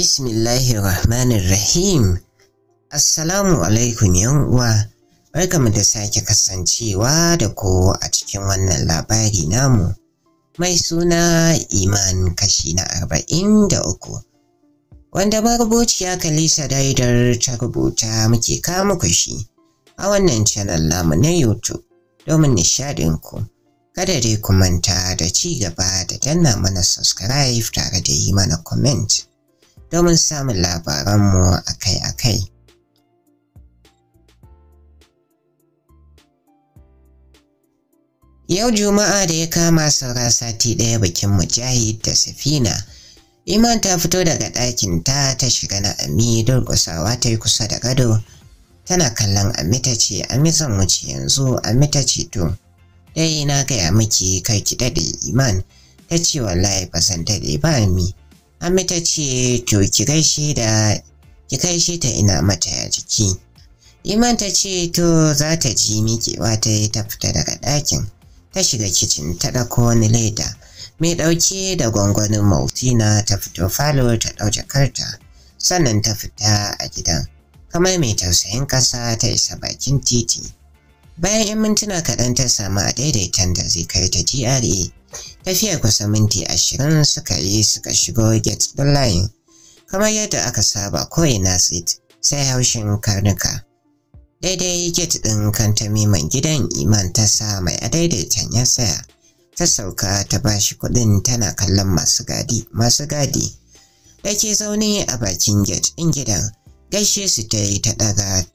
Bismillahir Rahmanir Rahim. Assalamu alaikum yan uwa. Barkamu da sake kasancewa da ku a cikin wannan labari namu. Mai suna Iman kashi na arba'in da uku. Wanda ya Kalisa Daidar ta rubuta muke kama shi a wannan channel namu na YouTube domin nishadinku. Kada dai ku manta da ci gaba da danna mana subscribe tare da yi mana comment. domin samun labaranmu akai-akai. Yau Juma'a da ya kama saura sati ɗaya bikin Mujahid da Safina, Iman ta fito daga ɗakin ta ta shiga na Ami durƙusawa ta yi kusa da gado, tana kallon Ami ta ce, Ami zan wuce yanzu, Ami ta ce to, dai na gaya miki kai ki daɗe Iman, ta ce wallahi ba zan daɗe ba Ami. Amma ta ce to ki gaishe da ki gaishe ta ina mata ya jiki. Iman ta ce to za ta ji miƙewa ta yi ta fita daga ɗakin. Ta shiga kicin ta ɗauko wani leda. Mai ɗauke da gwangwanin Maltina ta fito falo ta ɗau jakarta. Sannan ta fita a gidan. Kamar mai tausayin ƙasa ta isa bakin titi. Bayan 'yan mintuna kaɗan ta samu a daidaitan da zai kai ta GRA. Tafiya kusa minti ashirin suka yi suka shigo gate ɗin layin. Kamar yadda aka saba ko'ina sit sai haushin karnuka. Daidai gate ɗin mai gidan Iman ta sa mai adaidaitan ya saya. Ta sauka ta bashi kuɗin tana kallon masu gadi. Masu gadi. Da ke zaune a bakin gate ɗin gidan gaishe su ta yi ta ɗaga.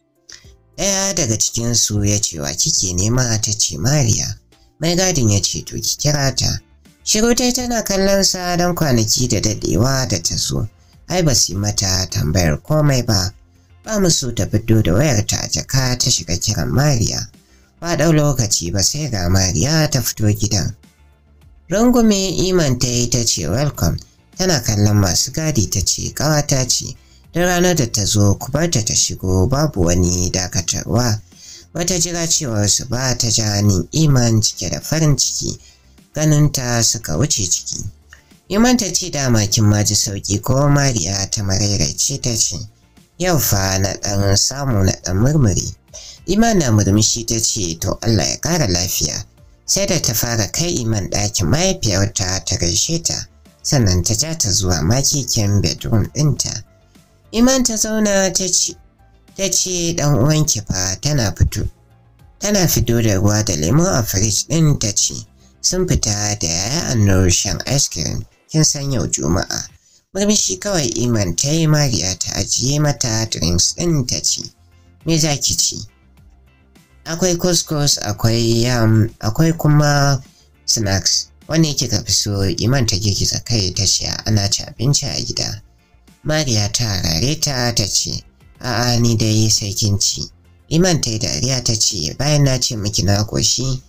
Ɗaya daga cikinsu ya ce wa kike nema ta ce Mariya. mai gadin ya ce to ki kira ta shiru tai tana kallon sa don kwanaki da dadewa da ta zo ai ba su mata tambayar komai ba ba mu so ta fito da wayar ta a jaka ta shiga kiran mariya ba ɗau lokaci ba sai ga mariya ta fito gidan rungume iman ta yi ta ce welcome tana kallon masu gadi ta ce ƙawata ce da ranar da ta zo ku barta ta shigo babu wani dakatarwa wata jira cewarsu ba ta ja ni iman cike da farin ciki ganin ta suka wuce ciki iman ta ce dama kin ma ji sauki ko mariya ta ce ta ce yau fa na dan samu na dan murmuri iman na murmushi ta ce to allah ya ƙara lafiya sai da ta fara kai iman ɗakin mahaifiyarta ta gaishe ta sannan ta ja ta zuwa makikin bedroom ɗinta iman ta zauna ta ce ta ce dan uwanki fa tana fito tana fito da ruwa da lemon a firij ɗin ta ce sun fita da 'ya'yan shan ice cream kin san yau juma'a murmushi kawai iman ta yi mariya ta ajiye mata drinks ɗin ta ce me za ki ci akwai couscous akwai yam um, akwai kuma snacks yake ka fi so iman ta girgiza kai ta ce ana ci abinci a gida mariya ta rare ta ta ce A'a ni da yi sai kin ci. Iman ta yi dariya ta ce bayan na ce miki na koshi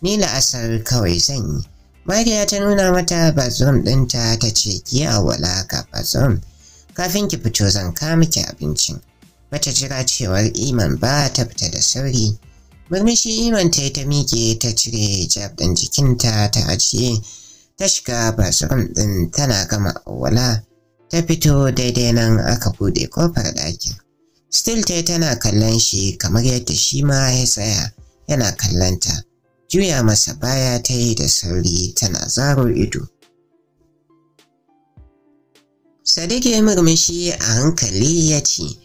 ni la'asar kawai zan yi. Mariya ta nuna mata bazom ɗinta ta ce ki wala ka bazom kafin ki fito zan ka miki abincin. Bata jira cewar Iman ba ta fita da sauri. Murmushi Iman ta yi ta miƙe ta cire jab ɗin jikinta ta ajiye ta shiga bazom ɗin tana gama wala. ta fito daidai nan aka buɗe kofar ɗakin. Still yi tana kallon shi kamar yadda shi ma ya tsaya yana kallonta. Juya masa baya ta yi da sauri tana zaro ido. Sadiq ya murmushi a hankali ya ce,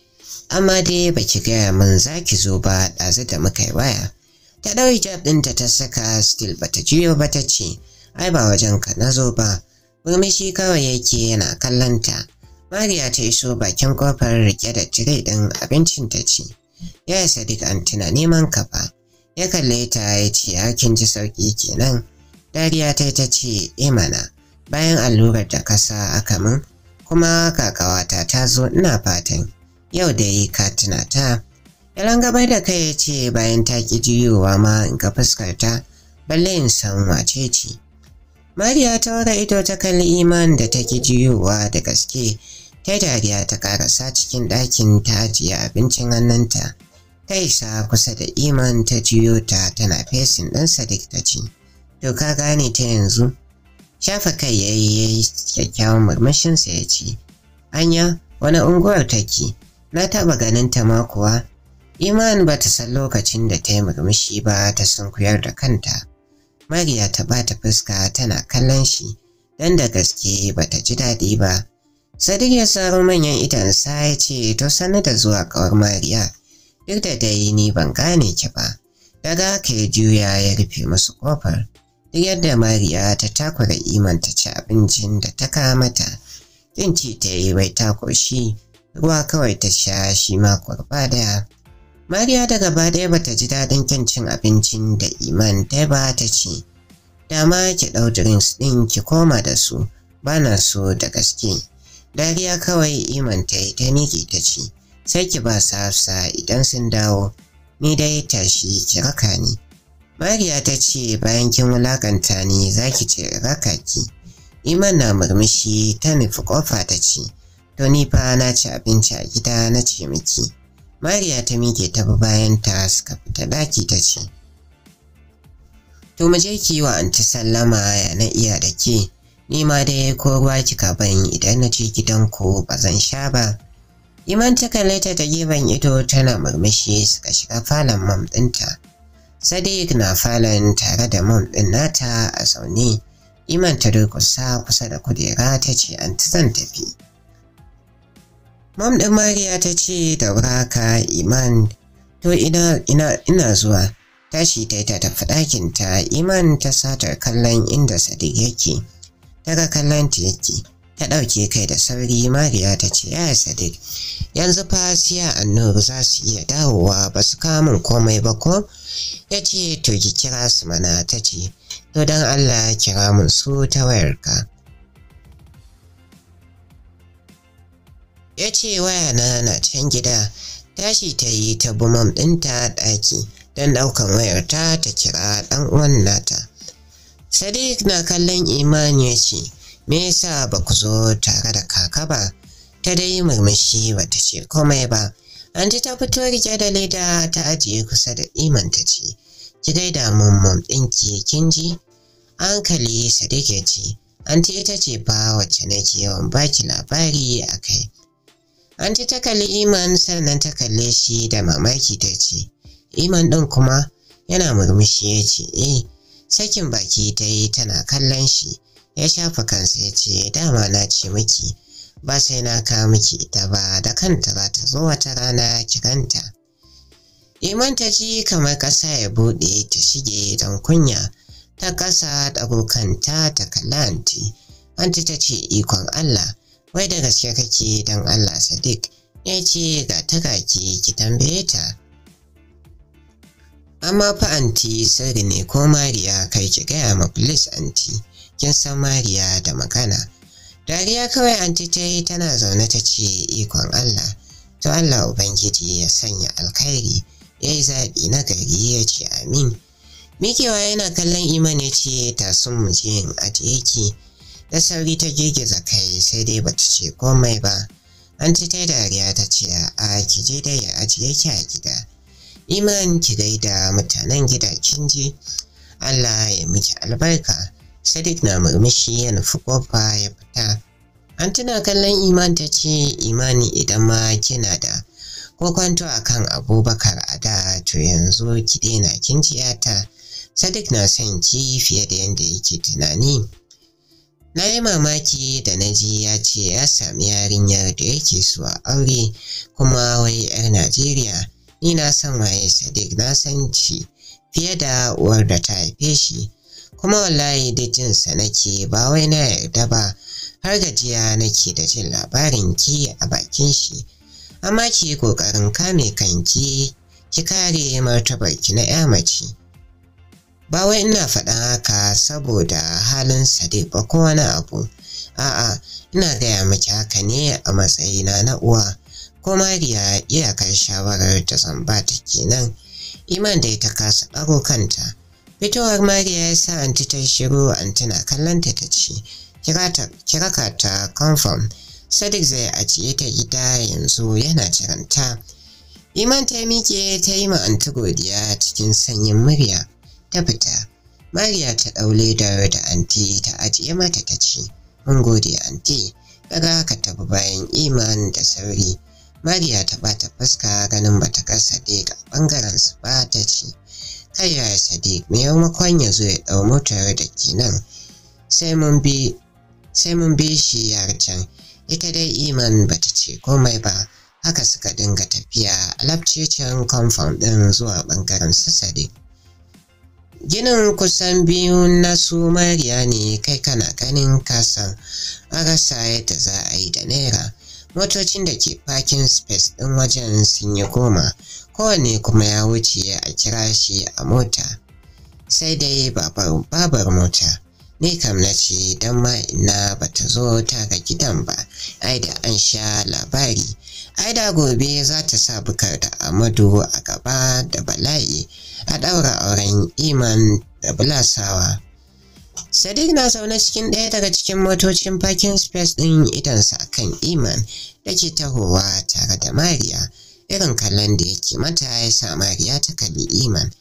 Amma dai baki gaya mun za ki zo ba ɗazu da muka yi waya. Ta ɗau hijab ɗinta ta saka still bata juyo ba ta ce, Ai ba wajen ka na zo ba, murmushi kawai yake yana kallonta. Mariya ta iso bakin kofar rike da tire ɗin abincin ta ci. Ya yi Sadiq an tuna neman kafa. Ya kalle ta ya ce ya kin ji sauƙi kenan. Dariya ta ta ce imana eh bayan allurar da kasa aka min kuma kakawata ta zo ina fatan yau da yi ka tuna ta. Yalan gabar da kai ya ce bayan ta ki juyowa ma in ka fuskarta balle in san wace ce. Mariya ta wara ido ta kalli iman da ta ki juyowa da gaske ta dariya ta karasa cikin ɗakin ta ajiye abincin hannunta ta isa kusa da iman ta jiyo ta tana fesin ɗan sadik ta ce to ka gane ta yanzu shafa kai ya yi kyakkyawan murmushinsa ya ce anya wani unguwar take na taɓa ganin ta ma kuwa iman ba ta san lokacin da ta yi murmushi ba ta sunkuyar da kanta mariya ta bata fuska tana kallon shi don da gaske ba ta ji daɗi ba Sadiq ya saro manyan sa ya ce to sanar da zuwa kawar Mariya duk da dai ni ban gane ki ba. Daga haka ya juya ya rufe musu kofar. Duk yadda Mariya ta takura iman ta ci abincin da ta kamata. Kin ci ta yi bai ta shi ruwa kawai ta sha shi ma kurba daya. Mariya da ba ɗaya bata ji daɗin kin cin abincin da iman ta ba ta ci Dama ki ɗau drinks ɗin ki koma da su. Bana so da gaske. Dariya kawai iman ta yi ta miƙe ta ce, sai ki ba su hafsa idan sun dawo, ni dai tashi ki raka ni. Mariya ta ce bayan kin wulakanta ni za ki ce raka ki. Iman na murmushi ta nufi ƙofa ta ce, to ni fa na ci abinci a gida na ce miki. Mariya ta miƙe ta bi bayan ta suka fita daki ta ce, to mu je ki yi wa anti sallama ya na iya da ke. ni ma dai ko ruwa kika ban idan na ji gidanku ba zan sha ba. Iman ta kalle ta ta gefen ido tana murmushi suka shiga falon mam ɗinta. Sadiq na falon tare da mam ɗin nata a zaune. Iman ta durkusa kusa da kudera ta ce an zan tafi. Mam ɗin Mariya ta ce da wuraka Iman to ina ina ina zuwa tashi ta yi ta tafi ɗakinta Iman ta satar kallon inda Sadiq yake. daga kallon teki, ta ɗauke kai da sauri mariya ta ce yaya sadiq yanzu fa siya annuru za su iya dawowa ba su kamun komai ba ko ya ce to ki kira su mana ta ce to don allah kira mun su ta wayarka ya ce waya na na can gida tashi ta yi ta bumam ɗinta ɗaki don ɗaukan wayarta ta kira ɗan uwan nata Sadiq na kallon imani ya ce, Me yasa ba ku zo tare da kaka ba? Ta dai murmushi ta ce komai ba. Anti ta fito rike da leda ta ajiye kusa da iman ta ce, Ki da mun ɗinki kin ji? Hankali Sadiq ya ce, Anti ta ce ba wacce nake yawan baki labari a kai. Anti ta kalli Iman sannan ta kalle shi da mamaki ta ce, Iman ɗin kuma yana murmushi ya ce, Eh, sakin baki ta yi tana kallon shi ya shafa kansa ya ce dama na ce miki ba sai na ka miki ita ba da kanta za ta zo wata rana kiranta iman ta ji kamar ƙasa ya buɗe ta shige don kunya ta ƙasa ɗagokanta ta kalla anti anti ta ce ikon allah wai da gaske kake don allah sadiq ya ce ga ta ki tambaye ta amma fa anti sirri ne ko mariya kai ki gaya ma police anti kin san mariya da magana dariya kawai anti ta yi tana zaune ta ce ikon allah to allah ubangiji ya sanya alkhairi ya yi zaɓi na gari ya ce amin mikewa yana kallon iman ya ce tasun mu je in ajiye ki da sauri ta girgiza kai sai dai ta ce komai ba anti ta dariya ta ce a ki je dai ya ajiye ki a gida iman ki da mutanen gida kin ji Allah ya miki albarka Sadiq na murmushi ya nufi kofa ya fita an tuna kallon iman ta ce imani idan ma kina da ko kwanto a kan abubakar a da to yanzu ki daina kin ta Sadiq na son ki fiye da yadda yake tunani Na yi mamaki da na ji ya ce ya sami yarinyar da yake so a aure kuma wai 'yar Najeriya ni na san waye sadiq na san shi fiye da uwar da ta haife shi kuma wallahi da jinsa nake ba wai na yarda ba har gajiya nake da jin labarin ki a bakin shi amma ki kokarin kame kanki ki kare martabar ki na ya mace ba wai ina faɗa haka saboda halin sadiq ba ko wani abu a'a ina gaya miki haka ne a matsayina na uwa ko mariya iyakar shawarar ta zamba ta kenan iman da ta kasa ɓago kanta fitowar mariya ya sa anti ta shiru an na kallon ta ce kirakata ta confirm sadiq zai ajiye ta gida yanzu yana jiranta iman ta miƙe ta yi ma anti godiya cikin sanyin murya ta fita mariya ta ɗau ledar da anti ta ajiye mata ta ci, mun gode anti daga ka tafi bayan iman da sauri Mariya ta bata fuska ganin bata ga Sadiq a bangaren su ba ta ce kai ya Sadiq me makon ya zo ya dau motar da ke nan sai mun bi shi yar can ita dai Iman bata ce komai ba haka suka dinga tafiya alabcicin compound ɗin zuwa bangaren su Sadiq Ginin kusan biyu na su mariya ne kai kana ganin kasan a rasa yadda za a yi da naira motocin da ke parking space ɗin wajen sun yi goma kowane kuma ya wuce a kira shi a mota sai dai babar mota ni kam na ce don ma ina ba ta zo ta ga gidan ba ai da an sha labari ai da gobe za ta sa bukar da amadu a gaba da bala'i a ɗaura auren iman da bulasawa Sadiq na zaune cikin ɗaya daga cikin motocin parking space ɗin idansa kan Iman da ke tahowa tare da Mariya. Irin kallon da yake mata ya sa Mariya ta kalli Iman.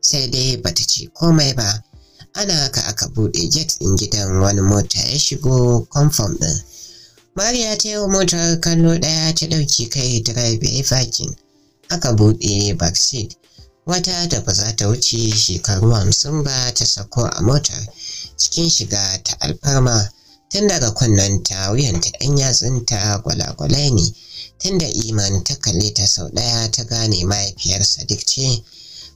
Sai dai bata ce komai ba. Ana haka aka buɗe gate ɗin gidan wani mota ya shigo confirm ɗin. Mariya ta yi wa motar kallo ɗaya ta ɗauki kai drive ya yi Aka buɗe back seat. Wata da ba za ta wuce shekaru hamsin ba ta sako a motar. cikin shiga ta alfarma tun daga kunnen kunnanta wuyanta ɗan yatsunta gwalagwalai ne tun da iman ta kalle ta sau ɗaya ta gane mahaifiyarsa duk ce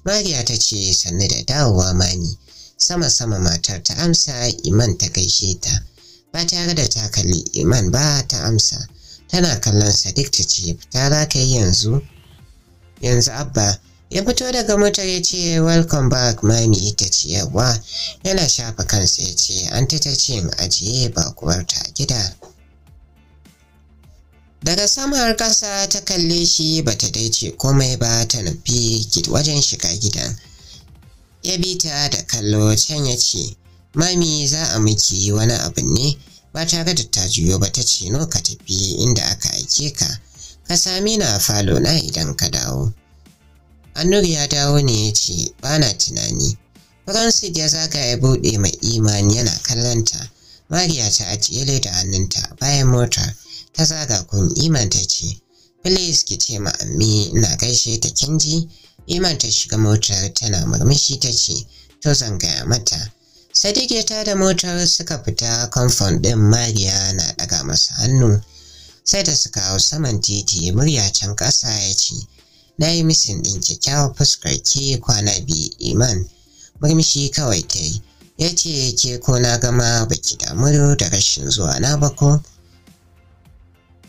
mariya ta ce sannu da dawowa mani sama-sama matar ta amsa iman ta gaishe ta ba tare da ta kalli iman ba ta amsa tana kallon sadikta ta ce fita za ka yi yanzu yanzu abba ya fito daga motar ya ce welcome back mami ita ce yawa yana shafa kansa ya ce an ta ce ajiye bakuwarta a gida daga sama har ƙasa ta kalle shi bata dai ce komai ba ta nufi wajen shiga gidan ya bi ta da kallo can ya ce mami za a miki wani abu ne ba tare da ta juyo ba ta ce no ka tafi inda aka aike ka ka sami na falo na idan ka dawo Anur ya dawo ne ya ce ba na tunani. Francis ya zaga ya buɗe mai imani yana kallonta. Mariya ta ajiye leda hannunta bayan mota ta zaga kun iman ta ce, Please ki ce ma ammi na gaishe ta kinji. Iman ta shiga motar tana murmushi ta ce, To zan gaya mata. Sadiq ya tada motar suka fita kamfan ɗin Mariya na ɗaga masa hannu. Sai da suka hau saman titi murya can ƙasa ya ce, na yi misin ɗin kyakkyawar fuskar ke kwana biyu iman murmushi kawai ta yi ya ce ke ko na gama baki damu da rashin zuwa na ba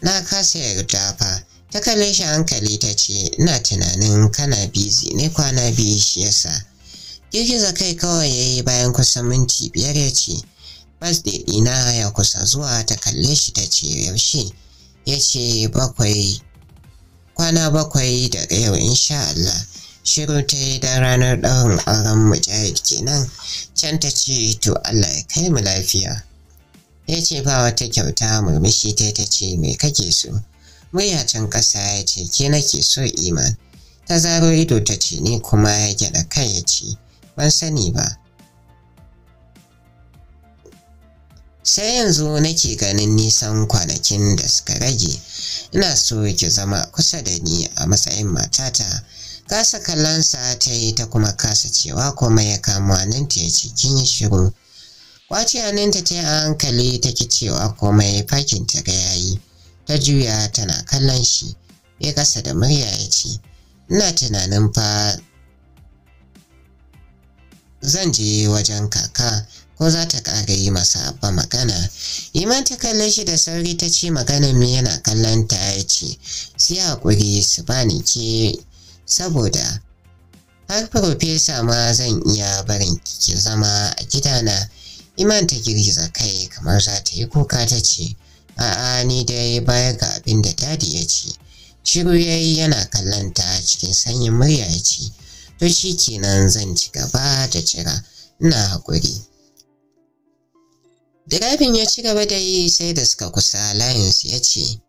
na kasa yarda fa ta kalle shi hankali ta ce ina tunanin kana bizi ne kwana biyu shi yasa girgiza kai kawai ya yi bayan kusan minti biyar ya ce bas ɗina ya kusa zuwa ta kalle shi ta ce yaushe ya ce bakwai kwana bakwai daga yau insha Allah shiru ta yi da ranar ɗaurin auren mujahid kenan can ta ce to Allah ya kai mu lafiya ya ce ba wata kyauta murmushi ta ta ce me kake so murya can ƙasa ya ce ke nake so iman ta zaro ido ta ce ne kuma ya gyaɗa kai ya ce ban sani ba sai yanzu nake ganin nisan kwanakin da suka rage ina so ki zama kusa da ni a matsayin matata kasa kallonsa ta yi ta kuma kasa cewa kuma ya kamo ta ya ci, kin yi shiru kwace ta yi a hankali ta ki cewa komai fakin ta ga yayi ta juya tana kallon shi ya kasa da murya ya ci. ina tunanin fa zan je wajen kaka ko za ta ƙara yi masa abba magana iman ta kalle shi da sauri ta ce maganar mai yana kallon ta ya ce sai haƙuri su bani ke saboda har farfesa ma zan iya barin ki zama a gidana iman ta girgiza kai kamar za ta yi kuka ta ce a'a ni dai baya ga abin da dadi ya ce shiru ya yi yana kallon ta cikin sanyin murya ya ce to shi kenan zan ci gaba da cira, ina haƙuri Direbin ya ci gaba da yi sai da suka kusa layinsu ya ce,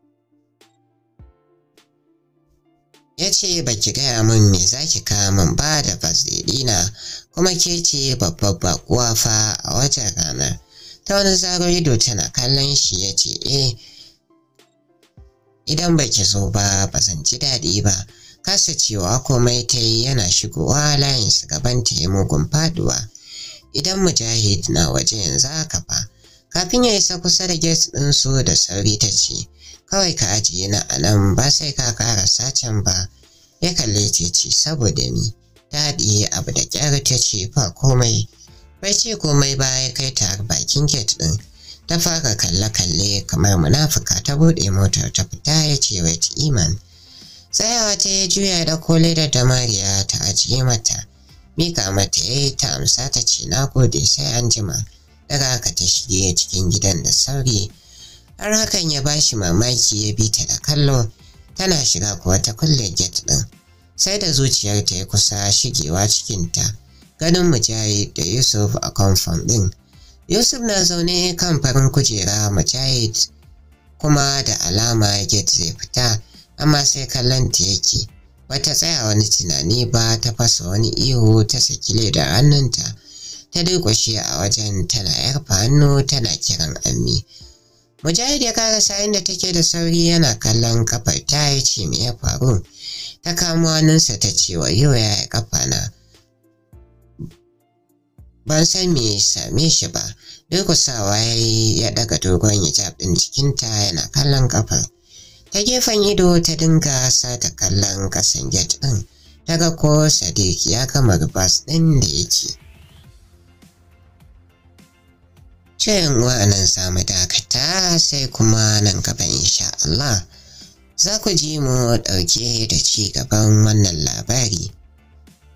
Ya ce ba ki gaya min me za ki kamun ba da fasdina kuma ke ce babbar bakuwa fa a watan rana Ta wani zarar ido tana kallon shi ya ce, Eh, idan ba ki zo ba ba zan ji daɗi ba. Kasa cewa komai ta yi yana shigowa Lions gaban ta yi mugun faduwa. idan mujahid na waje yanzu haka ba. kafin ya isa kusa da gate ɗin su da sauri ta ce kawai ka ajiye na a nan ba sai ka ƙara sacen ba ya kalle ta ce saboda ni ta haɗiye abu da ƙyar ta ce ba komai bai ce komai ba ya kai ta bakin gate ɗin ta fara kalle-kalle kamar munafuka ta buɗe motar ta fita ya ce wai iman tsayawa ta ya juya da kole da damariya ta ajiye mata mika mata ya yi ta amsa ta ce na gode sai an jima daga aka ta shige cikin gidan da sauri har hakan ya ba shi mamaki ya bi ta da kallo tana shiga kuwa ta kulle get ɗin sai da zuciyar ta ya kusa shigewa cikinta ganin mujahid da yusuf a kwamfan ɗin yusuf na zaune kan farin kujera mujahid kuma da alama get zai fita amma sai kallon ta yake bata tsaya wani tunani ba ta fasa wani ihu ta saki da hannunta ta durkushe a wajen tana yarfa hannu tana kiran ammi mujahid ya karasa da take da sauri yana kallon kafar ta ya ce me ya faru ta kamo hannunsa ta ce wa yau ya kafa na ban san me ya same shi ba durkusawa ya ya daga dogon hijab ɗin ta yana kallon kafar ta gefen ido ta dinga sata kallon kasan gate din. ta ko sadiq ya kama bas din da yake cin wa'anan samu dakata sai kuma nan gaba insha Allah za ku ji mu ɗauke da ci gaban wannan labari.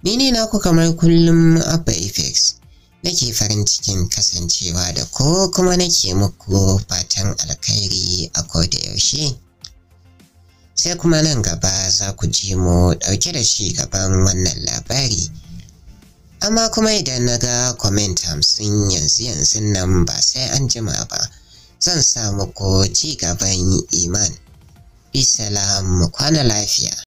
Ni ne ku kamar kullum Abba Apex nake farin cikin kasancewa da ko kuma nake muku fatan alkhairi a ko da yaushe. Sai kuma nan gaba za ku ji mu ɗauke da ci gaban wannan labari. amma kuma idan na ga comment hamsin yanzu yanzu nan ba sai an jima ba zan sa ko ci gaban iman bisalam kwana lafiya